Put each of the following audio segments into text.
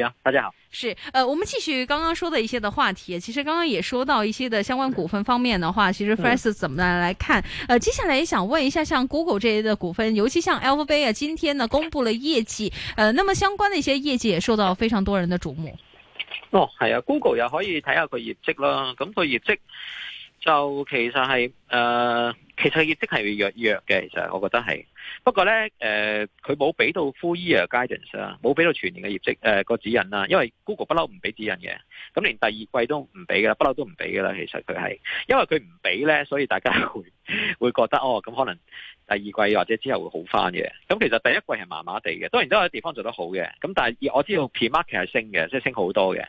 啊、大家好。是，呃，我們繼續剛剛說的一些的話題。其實剛剛也說到一些的相關股份方面的話，嗯、其實 f r e s h 怎麼來來看？呃，接下來也想問一下，像 Google 這些的股份，尤其像 Alphabet 啊，今天呢公布了業績，呃，那麼相關的一些業績也受到非常多人的矚目。哦，係啊，Google 又可以睇下佢業績啦。咁佢業績就其實係呃其實業績係弱弱嘅，其實我覺得係。不過呢，誒、呃，佢冇俾到 full year guidance 啊，冇俾到全年嘅業績誒個、呃、指引啦。因為 Google 不嬲唔俾指引嘅，咁連第二季都唔俾噶啦，不嬲都唔俾噶啦。其實佢係，因為佢唔俾呢，所以大家會會覺得哦，咁可能第二季或者之後會好返嘅。咁其實第一季係麻麻地嘅，當然都有地方做得好嘅。咁但係我知道 pre-market 係升嘅，即、就、係、是、升好多嘅。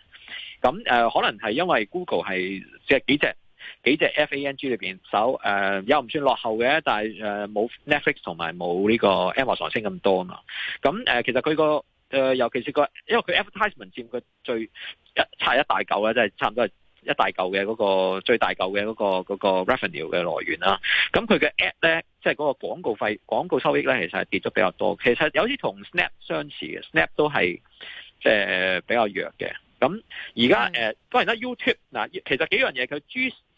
咁誒、呃，可能係因為 Google 係只幾隻。幾隻 FANG 裏面，手誒、呃，又唔算落後嘅，但係冇、呃、Netflix 同埋冇呢個 Amazon 升咁多嘛。咁、嗯、誒、呃、其實佢個誒，尤其是個，因為佢 advertisement 佔佢最一差、啊、一大嚿咧，即係差唔多係一大嚿嘅嗰個最大嚿嘅嗰個嗰、嗰個、revenue 嘅來源啦。咁佢嘅 app 咧，即係嗰個廣告費廣告收益咧，其實係跌咗比較多。其實有啲同 Snap 相似嘅，Snap 都係誒、呃、比較弱嘅。咁而家誒當然啦，YouTube 嗱，其實幾樣嘢佢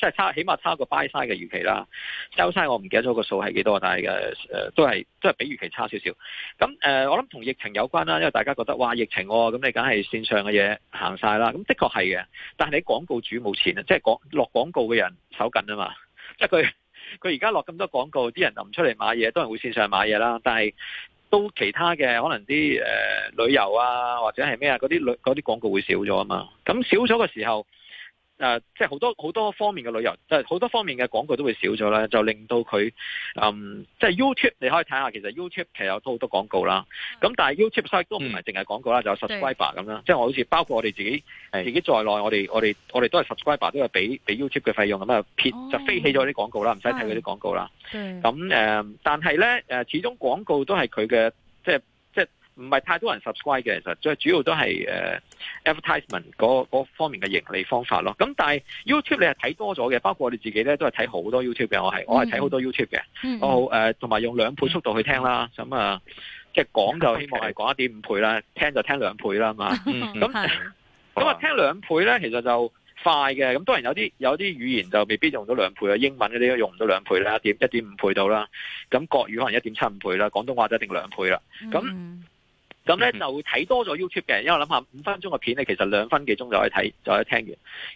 即係差，起碼差個 buy side 嘅預期啦。sell side 我唔記得咗個數係幾多，但係誒、呃、都係都係比預期差少少。咁誒、呃，我諗同疫情有關啦，因為大家覺得哇疫情、哦，咁你梗係線上嘅嘢行晒啦。咁的確係嘅，但係你廣告主冇錢啊，即係落廣,廣告嘅人手緊啊嘛。即係佢佢而家落咁多廣告，啲人就唔出嚟買嘢，當然會線上買嘢啦。但係都其他嘅可能啲誒、呃、旅遊啊，或者係咩啊，嗰啲嗰啲廣告會少咗啊嘛。咁少咗嘅時候。誒、呃，即係好多好多方面嘅旅遊，即係好多方面嘅廣告都會少咗啦，就令到佢，嗯，即、就、係、是、YouTube 你可以睇下，其實 YouTube 其實有好多廣告啦。咁、嗯、但係 YouTube 都唔係淨係廣告啦、嗯，就有 subscriber 咁啦。即係我好似包括我哋自己，自己在內，我哋我哋我哋都係 subscriber，都有俾俾 YouTube 嘅費用咁啊，撇、哦、就飛起咗啲廣告啦，唔使睇嗰啲廣告啦。咁、嗯嗯、但係咧、呃、始終廣告都係佢嘅即係唔係太多人 subscribe 嘅，其實最主要都係誒、呃、advertisement 嗰方面嘅盈利方法咯。咁但係 YouTube 你係睇多咗嘅，包括我哋自己咧都係睇好多 YouTube 嘅。我係我係睇好多 YouTube 嘅。我誒同埋用兩倍速度去聽啦。咁、mm、啊 -hmm. 嗯，即係講就希望係講一點五倍啦，mm -hmm. 聽就聽兩倍啦、mm -hmm. 嘛。咁咁啊，聽兩倍咧，其實就快嘅。咁當然有啲有啲語言就未必用到兩倍啊，英文嗰啲都用唔到兩倍啦，一點一點五倍到啦。咁國語可能一點七五倍啦，廣東話就一定兩倍啦。咁、mm -hmm. 嗯咁咧就睇多咗 YouTube 嘅，因為我諗下五分鐘嘅片咧，其實兩分幾鐘就可以睇，就可以聽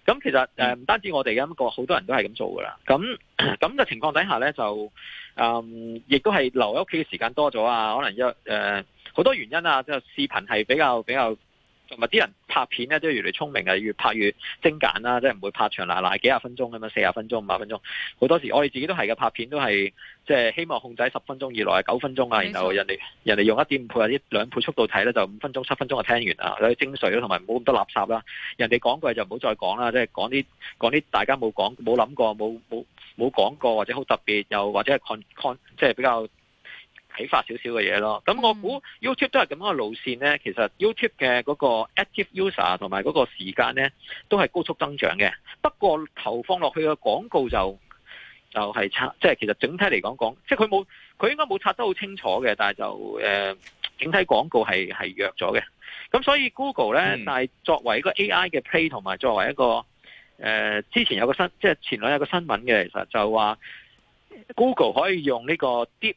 完。咁其實唔單止我哋咁個，好多人都係咁做㗎啦。咁咁嘅情況底下咧，就誒亦、嗯、都係留喺屋企嘅時間多咗啊，可能一誒好多原因啊，即係視頻係比較比較。比較同埋啲人拍片咧，都越嚟越聰明啊，越拍越精簡啦，即係唔會拍長爛爛幾廿分鐘咁樣，四十分鐘、五十分鐘。好多時我哋自己都係嘅，拍片都係即係希望控制十分鐘以內九分鐘啊，然後人哋人哋用一點五倍、一兩倍速度睇咧，就五分鐘、七分鐘就聽完啊，有精髓啦，同埋冇咁多垃圾啦。人哋講過就唔好再講啦，即係講啲講啲大家冇講冇諗過、冇冇冇講過或者好特別又或者係 con con 即係比較。啟發少少嘅嘢咯，咁我估 YouTube 都係咁樣嘅路線咧。其實 YouTube 嘅嗰個 active user 同埋嗰個時間咧，都係高速增長嘅。不過投放落去嘅廣告就就係、是、拆，即、就、係、是、其實整體嚟講講，即係佢冇佢應該冇拆得好清楚嘅，但係就誒、呃、整體廣告係係弱咗嘅。咁所以 Google 咧、嗯，但係作為一個 AI 嘅 play 同埋作為一個誒、呃、之前有個新即係前兩日有個新聞嘅，其實就話 Google 可以用呢個 Deep .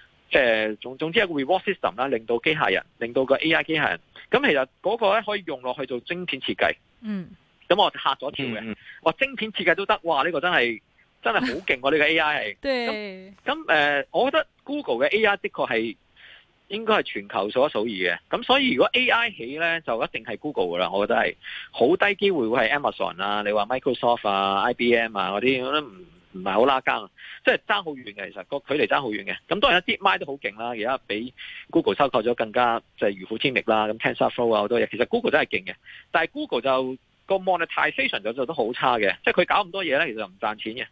即係總總之係個 reward system 啦，令到機械人，令到個 AI 機械人，咁其實嗰個咧可以用落去做晶片設計。嗯，咁我嚇咗一跳嘅，哇晶片設計都得，哇、這、呢個真係真係好勁喎，呢個 AI 係。對，咁誒、呃，我覺得 Google 嘅 AI 的確係應該係全球數一數二嘅。咁所以如果 AI 起咧，就一定係 Google 噶啦。我覺得係好低機會會係 Amazon 啊，你話 Microsoft 啊、IBM 啊嗰啲咁。嗯唔係好拉更，即係爭好遠嘅，其實個距離爭好遠嘅。咁當然 DeepMind 都好勁啦，而家比 Google 收購咗更加即係、就是、如虎添翼啦。咁 TensorFlow 好多嘢，其實 Google 真係勁嘅。但係 Google 就、這個 monetization 就做得好差嘅，即係佢搞咁多嘢咧，其實唔賺錢嘅。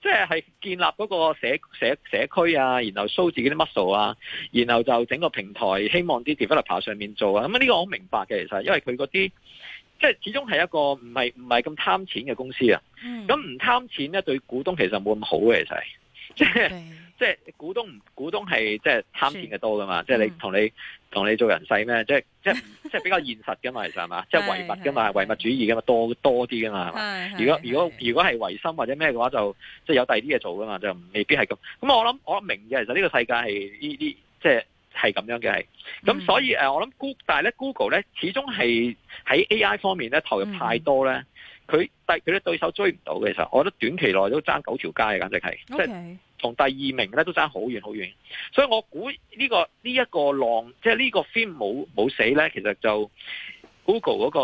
即係係建立嗰個社社社區啊，然後 show 自己啲 muscle 啊，然後就整個平台，希望啲 developer 上面做啊。咁啊呢個我好明白嘅，其實因為佢嗰啲。即係始終係一個唔係唔係咁貪錢嘅公司啊，咁、嗯、唔貪錢咧對股東其實冇咁好嘅其實，就是嗯，即係即係股東股東係即係貪錢嘅多噶嘛，即係你同、嗯、你同你做人世咩， 即係即係即係比較現實噶嘛，其實係嘛，即係唯物噶嘛，唯物主義噶嘛，多多啲噶嘛是是是如，如果如果如果係唯心或者咩嘅話，就即係有第二啲嘢做噶嘛，就未必係咁。咁、嗯、我諗我諗明嘅，其實呢個世界係呢啲即係。係咁樣嘅，係咁，所以誒、呃，我諗，Google、但係咧，Google 咧始終係喺 AI 方面咧投入太多咧，佢第佢啲對手追唔到嘅，其實我覺得短期內都爭九條街，簡直係，okay. 即係同第二名咧都爭好遠好遠，所以我估呢、呢個呢一、呢個浪，即係呢個 film 冇冇死咧，其實就 Google 嗰個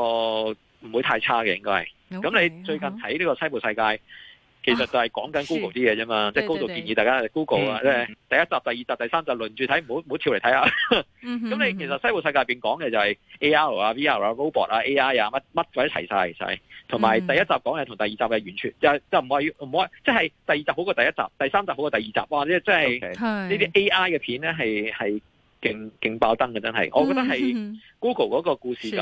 唔會太差嘅，應該係。咁、okay. 你最近睇呢個西部世界？Okay. 嗯其實就係講緊 Google 啲嘢啫嘛，即、啊、係、就是、高度建議大家 Google 啊，即係、就是、第一集、第二集、第三集輪住睇，唔好唔好跳嚟睇下。咁、嗯、 你其實西部世界入邊講嘅就係 A. R. 啊、V. R. 啊、robot 啊、A. I. 啊，乜乜鬼齊晒，齊晒。同埋第一集講嘅同第二集嘅完全、嗯、就就唔係要唔係即係第二集好過第一集，第三集好過第二集。哇、啊！即真係呢啲 A. I. 嘅片咧係係勁勁爆燈嘅，真係。我覺得係 Google 嗰個故事就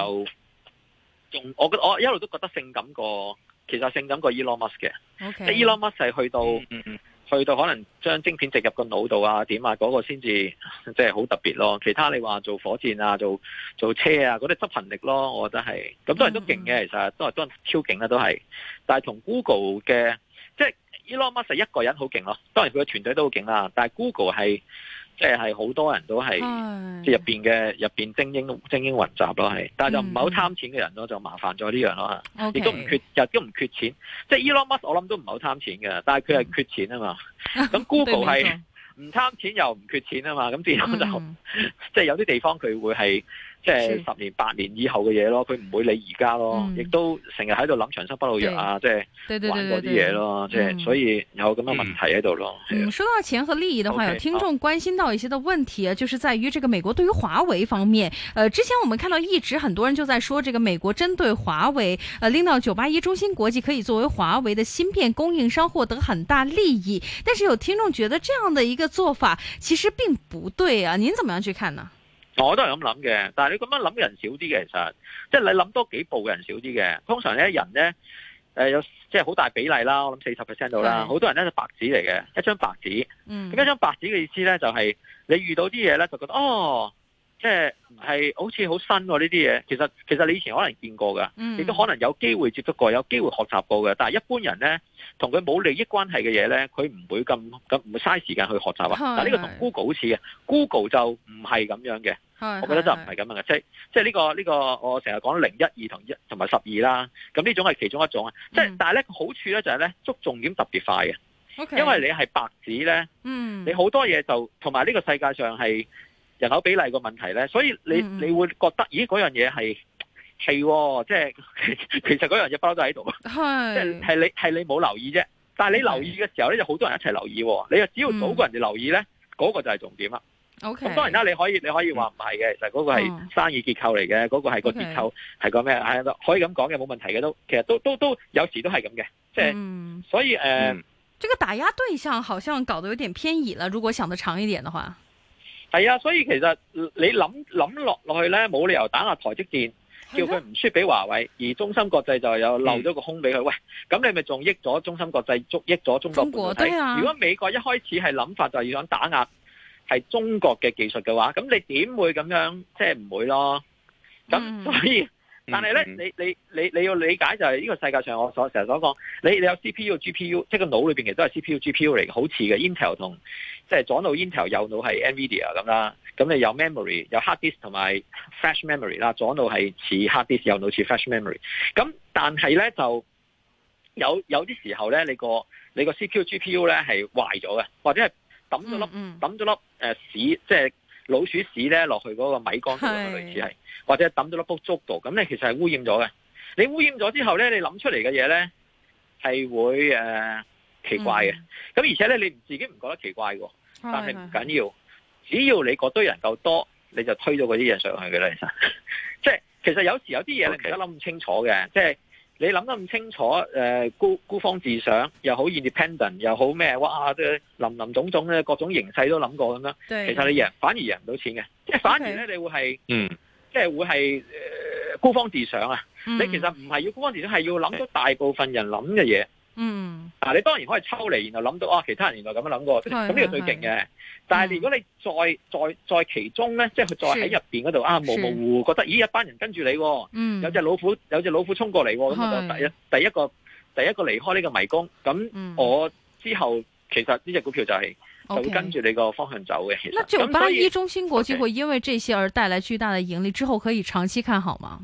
仲，我覺得我一路都覺得性感過。其實是性感過 Elon Musk 嘅，即、okay. 係 Elon Musk 係去到，嗯嗯，去到可能將晶片植入個腦度啊，點啊嗰、那個先至，即係好特別咯。其他你話做火箭啊，做做車啊，嗰啲執行力咯，我覺得係。咁都係都勁嘅， 其實都係都係超勁啦，都係。但係同 Google 嘅，即、就、係、是、Elon Musk 係一個人好勁咯。當然佢嘅團隊都好勁啦。但係 Google 係。即係係好多人都係、啊、即係入邊嘅入邊精英精英雲集咯，係，但係就唔係好貪錢嘅人咯、嗯，就麻煩咗呢樣咯嚇，亦都唔缺又都唔缺錢，即係 Elon Musk 我諗都唔係好貪錢嘅，但係佢係缺錢啊嘛，咁 Google 係唔貪錢又唔缺錢啊嘛，咁自然就即係有啲、嗯、 地方佢會係。即係十年八年以後嘅嘢咯，佢唔會理而家咯，亦、嗯、都成日喺度諗長生不老藥啊！即係玩嗰啲嘢咯，即係、就是嗯、所以有咁嘅問題喺度咯嗯。嗯，說到錢和利益的話，Okay, 有聽眾關心到一些的問題、啊，就是在於這個美國對於華為方面，誒、呃，之前我們看到一直很多人就在說，這個美國針對華為，誒、呃，令到九八一、中芯國際可以作為華為的芯片供應商獲得很大利益，但是有聽眾覺得這樣的一個做法其實並不對啊，您怎麼樣去看呢？我都係咁諗嘅，但係你咁樣諗嘅人少啲嘅，其實即係、就是、你諗多幾步嘅人少啲嘅。通常咧人咧，誒有即係好大比例啦，我諗四十 percent 度啦。好多人咧就白紙嚟嘅，一張白紙。嗯。咁一張白紙嘅意思咧就係你遇到啲嘢咧就覺得哦。即係好似好新呢啲嘢，其實其實你以前可能見過噶，亦、嗯、都可能有機會接觸過，有機會學習過嘅。但係一般人咧，同佢冇利益關係嘅嘢咧，佢唔會咁咁唔嘥時間去學習啊。是是是但呢個同 Google 好似啊，Google 就唔係咁樣嘅。是是是我覺得就唔係咁樣嘅，即係即係呢個呢、呢個我成日講零一二同一同埋十二啦。咁呢種係其中一種啊。即、嗯、係、就是、但係咧，個好處咧就係咧，捉重點特別快嘅。嗯、因為你係白紙咧，嗯、你好多嘢就同埋呢個世界上係。人口比例個問題咧，所以你你會覺得、嗯、咦嗰樣嘢係係，即係其實嗰樣嘢不嬲都喺度，即係係你係你冇留意啫。但係你留意嘅時候咧，就好多人一齊留意、哦。你只要早個人哋留意咧，嗰、嗯那個就係重點啦。咁、okay, 當然啦，你可以你可以話唔係嘅，其實嗰個係生意結構嚟嘅，嗰、啊那個係個結構係、okay, 個咩？係可以咁講嘅，冇問題嘅都，其實都都都有時都係咁嘅，即係、嗯、所以誒、呃嗯，這個打壓對象好像搞得有點偏移了。如果想得長一點的話。係啊，所以其實你諗諗落落去咧，冇理由打壓台積電，叫佢唔輸俾華為，而中芯國際就有漏咗個空俾佢、嗯。喂，咁你咪仲益咗中芯國際，捉益咗中國半導體、啊、如果美國一開始係諗法就係想打壓係中國嘅技術嘅話，咁你點會咁樣即係唔會咯。咁、嗯、所以，但係咧、嗯嗯，你你你你要理解就係呢個世界上，我所成日所講，你你有 C P U、G P U，即係個腦裏邊其實都係 C P U、G P U 嚟嘅，好似嘅 Intel 同。即係左腦 Intel，右腦係 NVIDIA 咁啦。咁你有 memory，有 hard disk 同埋 flash memory 啦。左腦係似 hard disk，右腦似 flash memory。咁但係咧，就有有啲時候咧，你個你個 CPU GPU、GPU 咧係壞咗嘅，或者係抌咗粒抌咗、嗯嗯、粒誒、呃、屎，即係老鼠屎咧落去嗰個米缸度，類似係，或者抌咗粒 book 卜足度。咁你其實係污染咗嘅。你污染咗之後咧，你諗出嚟嘅嘢咧係會誒、呃、奇怪嘅。咁、嗯、而且咧，你自己唔覺得奇怪㗎？但係唔緊要緊、啊，只要你嗰堆人夠多，你就推到嗰啲嘢上去嘅啦。其實，即 係、就是、其實有時有啲嘢你其實諗唔清楚嘅，即、就、係、是、你諗得咁清楚，誒、呃、孤孤芳自賞，又好 Independent，又好咩，哇，即、啊、林林總總咧，各種形勢都諗過咁樣。其實你贏反而贏唔到錢嘅，即、okay. 係反而咧你會係，嗯，即、就、係、是、會係、呃、孤芳自賞啊！你其實唔係要孤芳自賞，係要諗到大部分人諗嘅嘢。嗯。啊！你當然可以抽離，然後諗到啊，其他人原來咁樣諗過，咁呢個是最勁嘅。但係如果你再、嗯、再再，再其中咧，即係佢再喺入邊嗰度啊，模模糊糊覺得咦，一班人跟住你，嗯、有隻老虎，有隻老虎衝過嚟，咁、嗯、就第一第一個第一個離開呢個迷宮。咁、嗯、我之後其實呢隻股票就係會跟住你個方向走嘅。那九八一中心國際會因為這些而帶嚟巨大嘅盈利，嗯，之後可以長期看好嗎？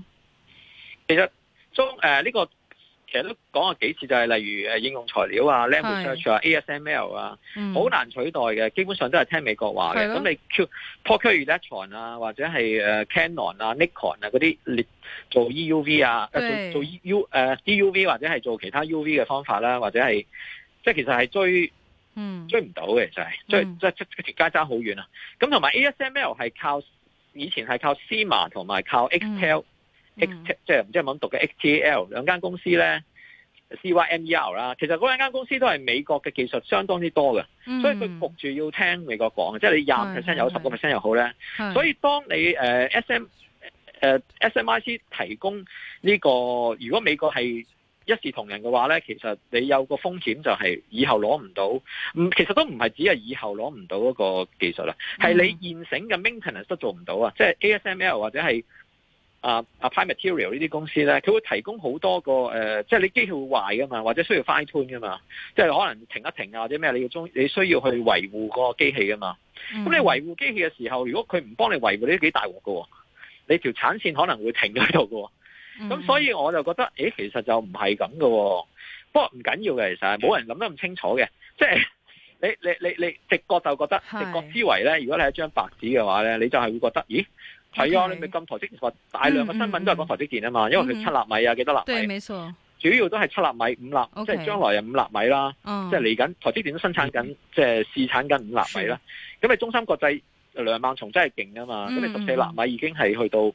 其實中誒呢個。其實都講過幾次，就係例如誒應用材料啊、Lam Research 啊、ASML 啊，好、嗯、難取代嘅，基本上都係聽美國話嘅。咁你 Q 多 d u 一場啊，或者係誒 Canon 啊、Nikon 啊嗰啲做 EUV 啊，做做 U 誒、uh, DUV 或者係做其他 UV 嘅方法啦，或者係即係其實係追、嗯、追唔到嘅、嗯，就係追即係出條街爭好遠啊。咁同埋 ASML 係靠以前係靠 s e m a 同埋靠 e x e l Mm -hmm. 即即係唔知係點讀嘅 XTL 兩間公司咧 Cymer 啦，其實嗰兩間公司都係美國嘅技術相當之多嘅，mm -hmm. 所以佢焗住要聽美國講，即係你廿 percent 有十個 percent 又好咧。Mm -hmm. 所以當你誒、呃、SM 誒、呃、SMIC 提供呢、這個，如果美國係一視同仁嘅話咧，其實你有個風險就係以後攞唔到，唔其實都唔係只係以後攞唔到嗰個技術啦，係、mm -hmm. 你現成嘅 maintenance 都做唔到啊，即係 ASML 或者係。啊、uh, 啊！Prime Material 呢啲公司咧，佢會提供好多個誒、呃，即係你機器會壞噶嘛，或者需要 fine tune 噶嘛，即係可能停一停啊，或者咩你要中你需要去維護個機器噶嘛。咁、嗯、你維護機器嘅時候，如果佢唔幫你維護，呢啲幾大鑊噶。你條產線可能會停咗喺度噶。咁、嗯、所以我就覺得，咦，其實就唔係咁噶。不過唔緊要嘅，其實係冇人諗得咁清楚嘅。即係你你你你，你直覺就覺得，直覺思維咧，如果你係張白紙嘅話咧，你就係會覺得，咦？係啊，你咪咁台積電，話大量嘅新聞都係講台積電啊嘛，嗯嗯，因為佢七納米啊幾、嗯嗯、多納米對冇錯，主要都係七納米五納，即、okay、係、就是、將來有五納米啦，即係嚟緊台積電都生產緊，即係試產緊五納米啦。咁你中芯國際梁孟松真係勁啊嘛，咁你十四納米已經係去到。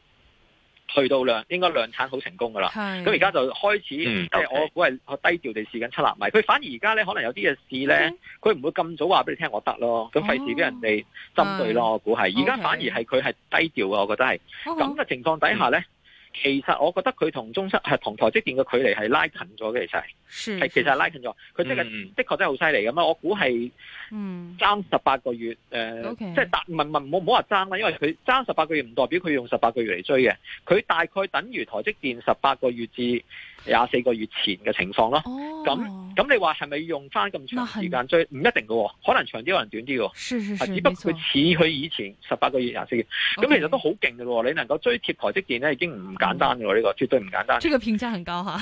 去到量，應該量產好成功噶啦。咁而家就開始，係、嗯、我估係低調地試緊七納米。佢反而而家咧，可能有啲嘅事咧，佢、嗯、唔會咁早話俾你聽我得咯。咁費事俾人哋針對咯，哦、我估係。而家反而係佢係低調嘅，我覺得係咁嘅情況底下咧。嗯嗯其實我覺得佢同中芯係同台積電嘅距離係拉近咗嘅，其實係其實係拉近咗。佢真係的確真係好犀利㗎嘛！我估係爭十八個月，誒、嗯呃，即係問問冇冇話爭啦，因為佢爭十八個月唔代表佢用十八個月嚟追嘅，佢大概等於台積電十八個月至，廿四個月前嘅情況咯，咁、哦、咁你話係咪用翻咁長時間追？唔一定嘅，可能長啲，可能短啲嘅。是是是，只不過佢似佢以前十八個月廿四月，咁、okay. 其實都好勁嘅咯。你能夠追貼台積電咧，已經唔簡單嘅呢、哦這個，絕對唔簡單。這個評價很高吓，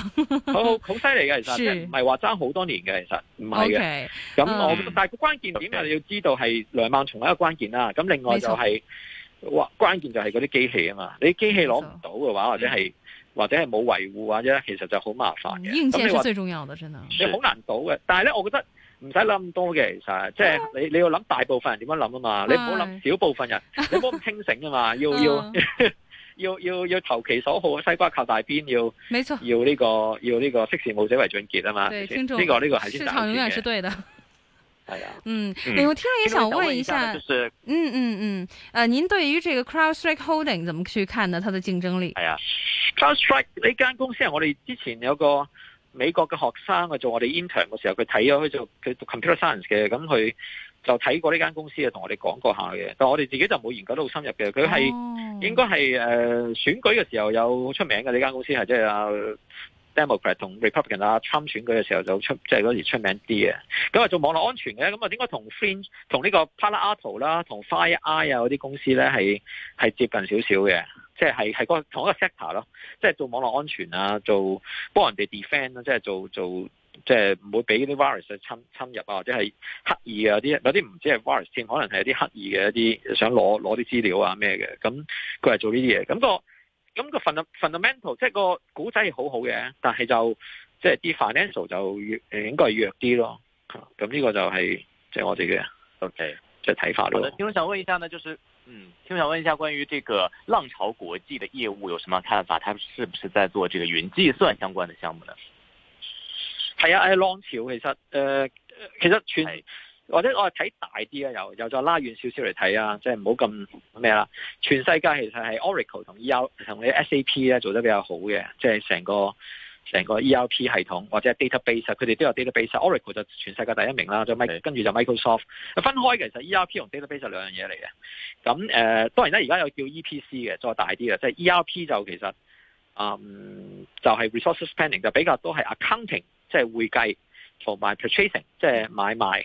好好犀利嘅其實，即唔係話爭好多年嘅，其實唔係嘅。咁、okay. 嗯、我，但係個關鍵點就你要知道係梁孟松一個關鍵啦。咁另外就係、是，哇，關鍵就係嗰啲機器啊嘛，你啲機器攞唔到嘅話，或者係。或者係冇維護啊，即係其實就好麻煩嘅。硬件係最重要嘅，真係。你好難倒嘅，但係咧，我覺得唔使諗咁多嘅，其實即係你、啊、你要諗大部分人點樣諗啊嘛，啊你唔好諗少部分人，啊、你唔好咁清醒啊嘛，啊要、啊、要要要要，要，要投其所好啊，西瓜靠大邊要。沒錯。要呢、這個要呢個識時務者為俊傑啊嘛、這個。對，尊重。呢、這個呢、這個係先市場永遠是對的。係啊。嗯，誒、 嗯，我聽日也想問一下，嗯嗯嗯，誒、嗯嗯呃，您對於這個 CrowdStrike Holding 怎麼去看呢？它的競爭力？係、嗯、啊。嗯嗯呃 CrowdStrike 呢間公司係我哋之前有個美國嘅學生去做我哋 intern 嘅時候，佢睇咗佢做佢 computer science 嘅，咁佢就睇過呢間公司啊，同我哋講過下嘅。但我哋自己就冇研究得好深入嘅。佢係、oh. 應該係誒、呃、選舉嘅時候有出名嘅呢間公司係即係。Democrat 同 Republican 啊，Trump 選舉嘅時候就出，即係嗰時出名啲嘅。咁啊，做網絡安全嘅，咁啊，點解同 Finn 同呢個 Palo Alto 啦，同 FireEye 嗰啲公司咧係係接近少少嘅，即係係係嗰同一個 sector 咯、啊，即、就、係、是、做網絡安全啊，做幫人哋 defend 啊，即、就、係、是、做做即係唔會俾啲 virus 侵侵入啊，或者係刻意嘅有啲有啲唔知係 virus 先，可能係有啲刻意嘅一啲想攞攞啲資料啊咩嘅，咁佢係做呢啲嘢，咁、那個。咁、那個 fundamental 即係個股仔係好好嘅，但係就即係啲 financial 就越應該係弱啲咯。咁呢個就係即係我哋嘅 OK，就睇法咯。好的，聽我想問一下呢，就是嗯，聽我想問一下關於這個浪潮國際的業務有什麼看法？佢是不是在做這個雲計算相關的項目呢？係啊，喺浪潮其實呃，其實全。或者我哋睇大啲啊，又又再拉遠少少嚟睇啊，即係唔好咁咩啦。全世界其實係 Oracle 同 E R 同啲 S A P 咧做得比較好嘅，即係成個成個 E R P 系統或者 database，佢哋都有 database。Oracle 就全世界第一名啦，跟住就 Microsoft。分開其實 E R P 同 database 兩樣嘢嚟嘅。咁誒、呃，當然啦，而家有叫 E P C 嘅，再大啲嘅，即係 E R P 就其實嗯就係 resources planning 就比較多係 accounting，即係會計同埋 purchasing，即係買賣。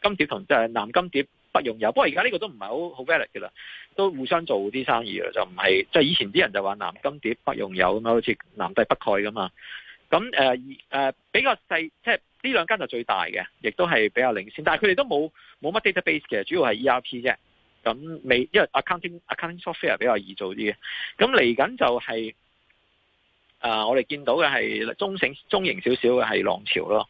金蝶同就係、是、南金蝶北用友，不過而家呢個都唔係好好 valid 嘅啦，都互相做啲生意喇，就唔係即係以前啲人就話南金蝶北用友咁樣，好似南帝北蓋噶嘛。咁誒、呃呃、比較細，即係呢兩間就最大嘅，亦都係比較領先，但係佢哋都冇冇乜 database 嘅，主要係 ERP 啫。咁未因為 accounting accounting software 比較易做啲嘅。咁嚟緊就係、是、啊、呃，我哋見到嘅係中型中型少少嘅係浪潮咯。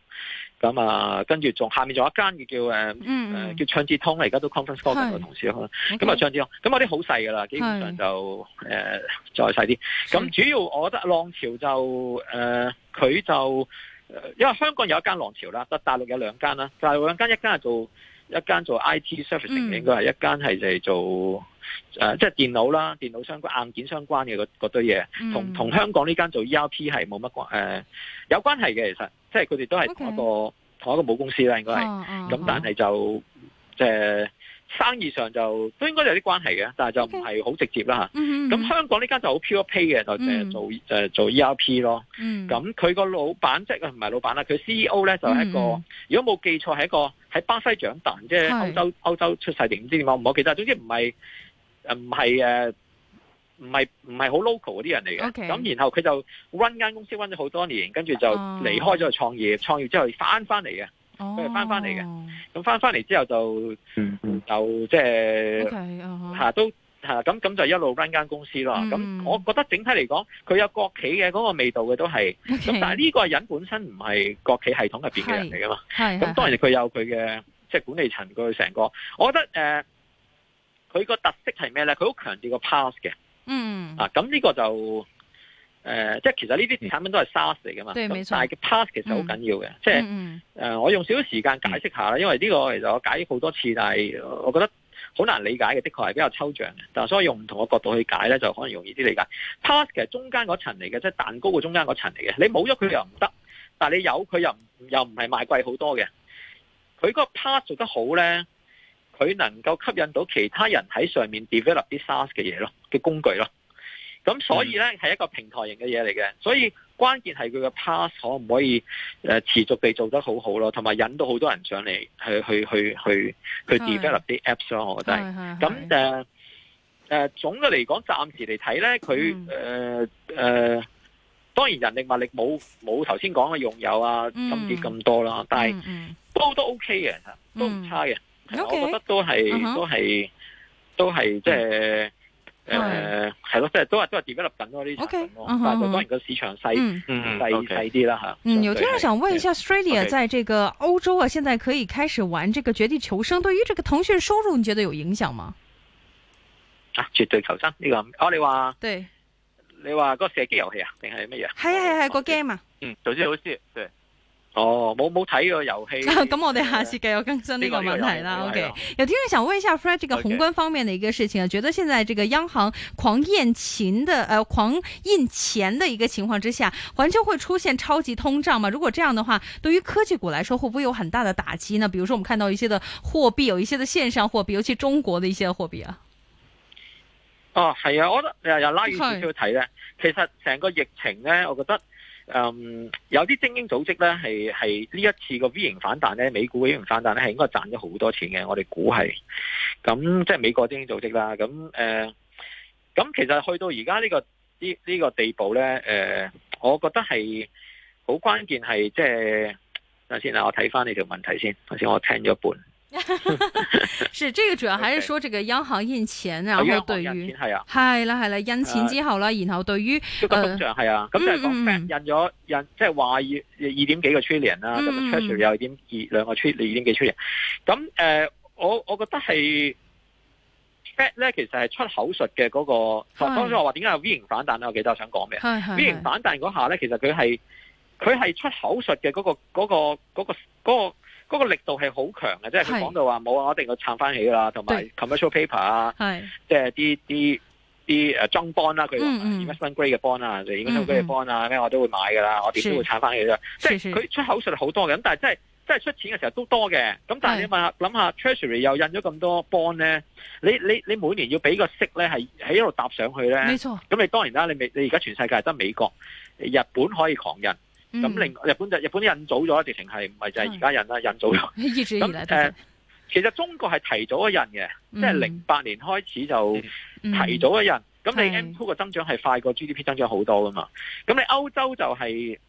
咁啊，跟住仲下面仲有一間嘅叫誒、嗯嗯呃、叫暢捷通啦，而家都 conference call 個同事啦。咁啊暢捷通，咁嗰啲好細噶啦，基本上就誒、呃、再細啲。咁、嗯、主要我覺得浪潮就誒佢、呃、就、呃、因為香港有一間浪潮啦，得大陸有兩間啦，就兩間，一間係做。一間做 IT servicing、嗯、應該係一間係就係做誒、呃、即係電腦啦，電腦相關硬件相關嘅嗰堆嘢，同同香港呢間做 ERP 係冇乜關誒、呃，有關係嘅其實，即係佢哋都係同一個、okay. 同一個母公司啦，應該係咁，啊、但係就即係、呃呃、生意上就都應該有啲關係嘅，但係就唔係好直接啦嚇。咁、okay. 啊嗯、香港呢間就好 pure pay 嘅、嗯，就誒做誒做 ERP 咯。咁佢個老闆即係唔係老闆啦，佢 CEO 咧就係一個，嗯、如果冇記錯係一個。喺巴西長大，即係歐洲是歐洲出世定唔知點講唔好。其實總之唔係唔係唔係唔係好 local 嗰啲人嚟嘅。咁、okay. 然後佢就 run 間公司 run 咗好多年，跟住就離開咗去創業。創、oh. 業之後翻翻嚟嘅，佢係翻翻嚟嘅。咁翻翻嚟之後就、mm -hmm. 就即、就、係、是 okay. uh -huh. 啊、都。係咁，咁就一路 run 間公司咯。咁、嗯、我覺得整體嚟講，佢有國企嘅嗰個味道嘅都係。咁、okay. 但係呢個人本身唔係國企系統入邊嘅人嚟噶嘛。咁、啊、當然佢有佢嘅即係管理層，佢成個。我覺得誒、佢、呃、個特色係咩咧？佢好強調個 PaaS 嘅。嗯啊，咁呢個就誒、呃，即係其實呢啲產品都係 SaaS 嚟噶嘛。咁但係 PaaS 其實好緊要嘅、嗯。即係誒、嗯呃，我用少少時間解釋下啦。因為呢個其實我解好多次，但係我覺得。好難理解嘅，的確係比較抽象嘅，但係所以用唔同嘅角度去解咧，就可能容易啲理解。PaaS 其實中間嗰層嚟嘅，即係蛋糕嘅中間嗰層嚟嘅。你冇咗佢又唔得，但係你有佢又又唔係賣貴好多嘅。佢嗰個 PaaS 做得好咧，佢能夠吸引到其他人喺上面 develop 啲 SaaS 嘅嘢咯，嘅工具咯。咁所以咧係、嗯、一個平台型嘅嘢嚟嘅，所以。關鍵係佢嘅 pass 可唔可以誒、呃、持續地做得好好咯，同埋引到好多人上嚟，去去去去去 develop 啲 apps 咯，我覺得係咁誒誒，總嘅嚟講，暫時嚟睇咧，佢誒誒，當然人力物力冇冇頭先講嘅用友啊、嗯、甚至咁多啦，但係、嗯嗯、都都 OK 嘅，都唔差嘅，嗯、我覺得都係、okay? 都係、uh -huh. 都係即係。誒，係咯，即係都係都係 develop 啲產品，但當然個市場細細細啲啦吓。嗯，有聽我想問一下，Stadia、yeah. 在這個歐洲啊，現在可以開始玩這個絕地求生，okay. 對於這個騰訊收入你覺得有影響嗎？啊，絕地求生呢、這個我、哦、你話，對，你話嗰個射擊遊戲啊，定係乜嘢？係啊係，係個 game 啊，嗯，老師老師對。 哦，冇冇睇個遊戲。咁 我哋下次繼續更新呢個問題啦、這個。OK，有聽眾想問一下 Fred 這個宏觀方面的一個事情啊，okay. 覺得現在這個央行狂印錢的，呃狂印錢的一個情況之下，環球會出現超級通脹嗎？如果這樣的話，對於科技股來說，會不會有很大的打擊呢？比如說，我們看到一些的貨幣，有一些的線上貨幣，尤其中國的一些貨幣啊。哦、啊，係啊，我哋又、嗯嗯、拉遠少少睇咧，其實成個疫情咧，我覺得。嗯、um,，有啲精英組織咧，係係呢一次個 V 型反彈咧，美股嘅 V 型反彈咧，係應該賺咗好多錢嘅。我哋估係，咁即係美國精英組織啦。咁誒，咁、呃、其實去到而家呢個呢呢、這個、地步咧，誒、呃，我覺得係好關鍵係，即、就、係、是、等先啦，我睇翻你條問題先，頭先我聽咗一半。 是，這個主要還是說這個央行印錢， 然後對於係啦係啦印錢之後啦、啊，然後對於，一個通脹係啊，咁就係講 Fed 印咗印，即係話二點幾個 trillion 啦、啊，咁 trillion 又二點二兩個 trillion 二點幾 trillion，咁誒、呃，我我覺得係 Fed 咧，其實係出口術嘅嗰個，當初我話點解 V 型反彈咧，我記得我想講咩 V 型反彈嗰下咧，其實佢係佢係出口術嘅嗰個嗰個嗰個嗰個。那個那個那個嗰、那個力度係好強嘅，即係佢講到話冇啊，我一定要撐翻起噶啦，同埋 commercial paper 啊，即係啲啲啲誒莊 bond 啦，佢、mm -hmm. investment grade 嘅 bond 啊，就應該都 grade bond 啊，咩我都會買噶啦，我哋都會撐翻起啫。即係佢出口術好多嘅，咁但係即係即係出錢嘅時候都多嘅。咁但係你問下，諗下 treasury 又印咗咁多 bond 咧，你你你每年要俾個息咧，係喺度搭上去咧，咁你當然啦，你你而家全世界得美國、日本可以狂印。咁、嗯、另日本就日本印早咗，直情係唔係就係而家印啦，印早咗。咁誒，其實中國係提早咗印嘅，嗯，即係零八年開始就提早咗印。咁、嗯、你 M two 嘅增長係快過 G D P 增長好多噶嘛？咁你歐洲就係、是、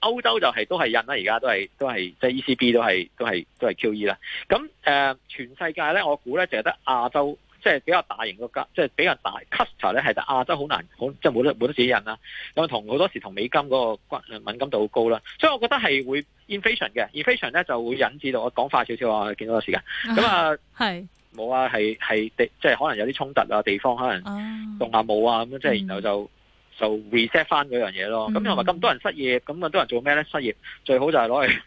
歐洲就係、是、都係印啦，而家都係都係即係、就是、E C B 都係都係都係 Q E 啦。咁誒、呃，全世界咧，我估咧淨係得亞洲。即係比較大型個家，即係比較大。cursor 咧係就亞洲好難，好即係冇得冇得指引啦。咁同好多時同美金嗰個敏感度好高啦。所以我覺得係會 inflation 嘅 inflation 咧就會引致到，我講快少少啊，見到個時間咁啊，係冇啊，係係地即係可能有啲衝突啊，地方可能動下武啊咁，即係然後就就 reset 翻嗰樣嘢咯。咁同埋咁多人失業，咁咁多人做咩咧？失業最好就係攞去，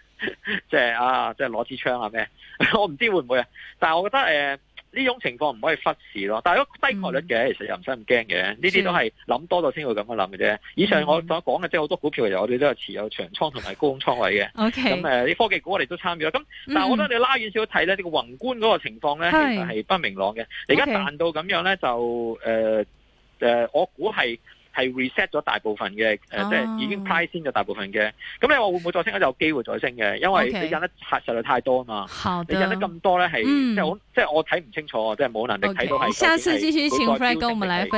即係啊，即係攞支槍啊咩？我唔知會唔會啊，但係我覺得、呃呢種情況唔可以忽視咯，但係都低概率嘅、嗯，其實又唔使咁驚嘅。呢啲都係諗多咗先會咁樣諗嘅啫。以上我所講嘅即係好多股票其實，我哋都有持有長倉同埋高空倉位嘅。OK，咁呢啲科技股我哋都參與啦。咁、嗯、但係我覺得你拉遠少少睇咧，呢、呢個宏觀嗰個情況咧其實係不明朗嘅。你而家彈到咁樣咧就誒、呃呃、我估係。係 reset 咗大部分嘅，誒、呃，oh. 即係已經 price 先咗大部分嘅，咁你話會唔會再升咧？有機會再升嘅，因為你引得太實在太多啊嘛，okay. 你引得咁多咧係即係、嗯、我即係我睇唔清楚，即係冇能力睇到係、okay。下次繼續請 Frank 跟我們來分。